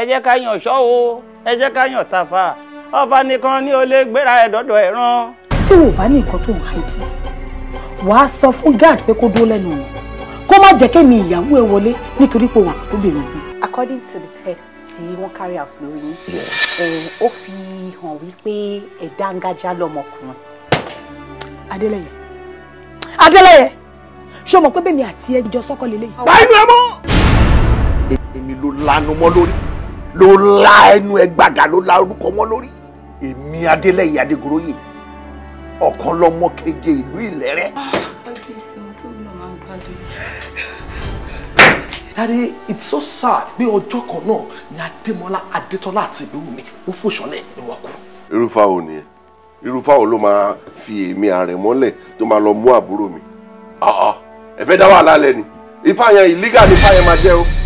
ẹ jẹ́ ká yàn ṣọ́ ẹ jẹ́ ká yàn tàfà ọba nìkan ni o lè gbéra ẹ dọ́dọ̀ ẹ rán. tí wò bá ní nǹkan tó ń hide wàá sọ fún guard pé kó dúró lẹ́nu ọ̀nà kó má jẹ́ kémi ìyàwó ẹ wọlé nítorí pé wà lóbìnrin mi. according to the test tí wọ́n carry out lórí yín ó fi hàn wípé ẹ̀dá ń gájá lọ́mọkùnrin. adélẹyẹ adélẹyẹ ṣé o mọ̀ pé bèmi àti ẹjọ́ sọ́kọ lélẹ́yìí. báyìí ni ẹ mọ́. èmi ló lanu mọ́ lórí ló la ẹnu ẹ ló la orúkọ wọn lórí èmi adélẹ́yìn adégoróyè ọ̀kan lọ́mọ keje ìlú ìlẹ́rẹ́. Ah, Daddy, it's so sad pé ọjọ́ kan náà ni Adémọ́lá Adétọ́lá àti Ìbíwùmí wọ́n fòṣọ́lẹ̀ ni wọ́n kú. Irúfà wo nìyẹn? Irúfà wo ló máa fi èmi ààrẹ mọ́lẹ̀ tó máa lọ mú àbúrò mi? Ah, ah, ẹ fẹ́ dá wàhálà lẹ́ni. Ifá yẹn ìlígà ni ifá yẹn máa jẹ́ o.